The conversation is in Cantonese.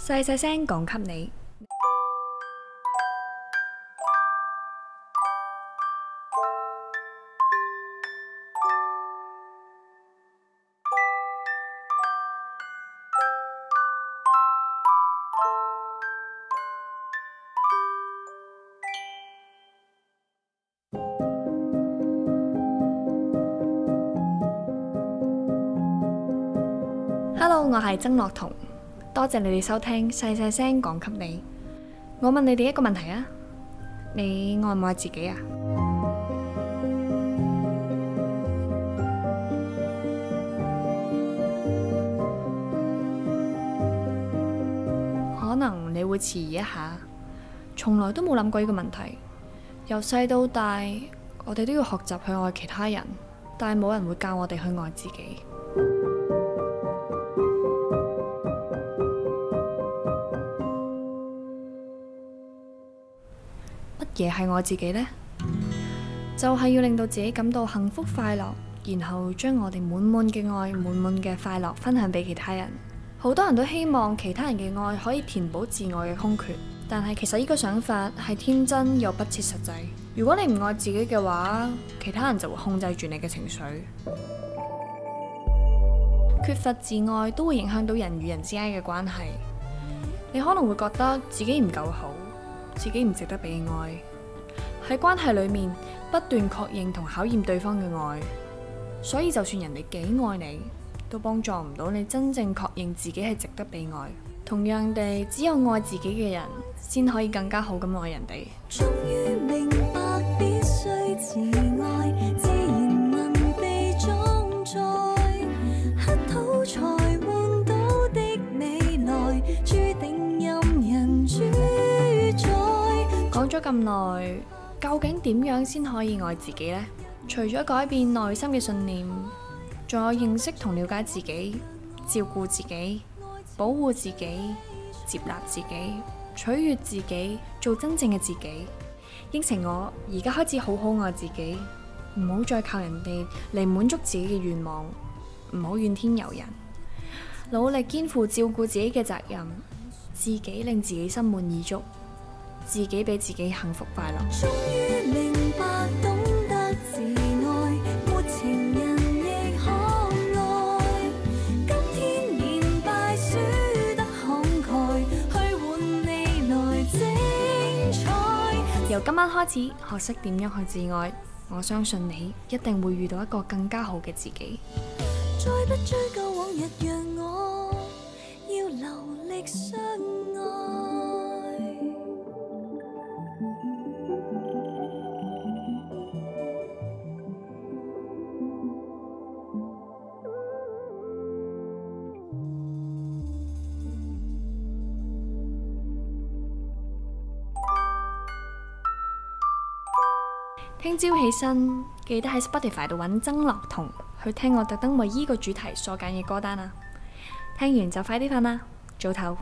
細細聲講給你。Hello，我係曾樂彤。多謝你哋收聽，細細聲講給你。我問你哋一個問題啊，你愛唔愛自己啊？ 可能你會遲疑一下，從來都冇諗過呢個問題。由細到大，我哋都要學習去愛其他人，但係冇人會教我哋去愛自己。嘢係我自己呢，就係要令到自己感到幸福快樂，然後將我哋滿滿嘅愛、滿滿嘅快樂分享俾其他人。好多人都希望其他人嘅愛可以填補自愛嘅空缺，但係其實呢個想法係天真又不切實際。如果你唔愛自己嘅話，其他人就會控制住你嘅情緒。缺乏自愛都會影響到人與人之間嘅關係。你可能會覺得自己唔夠好，自己唔值得被愛。喺關係裏面不斷確認同考驗對方嘅愛，所以就算人哋幾愛你，都幫助唔到你真正確認自己係值得被愛。同樣地，只有愛自己嘅人，先可以更加好咁愛人哋。終於明白必須自愛，自然能被裝載，乞討才換到的未來，注定任人主宰。講咗咁耐。究竟點樣先可以愛自己呢？除咗改變內心嘅信念，仲有認識同了解自己，照顧自己，保護自己，接納自己，取悦自己，做真正嘅自己。應承我而家開始好好愛自己，唔好再靠人哋嚟滿足自己嘅願望，唔好怨天尤人，努力肩負照顧自己嘅責任，自己令自己心滿意足。自己俾自己幸福快樂。終於明白懂得自愛，沒情人亦可愛，今天連敗輸得慷慨，去換未來精彩。由今，今晚開始學識點樣去自愛，我相信你一定會遇到一個更加好嘅自己。再不追究往日讓我要流力相聽朝起身，記得喺 Spotify 度搵曾樂彤去聽我特登為呢個主題所揀嘅歌單啊！聽完就快啲瞓啦，早唞。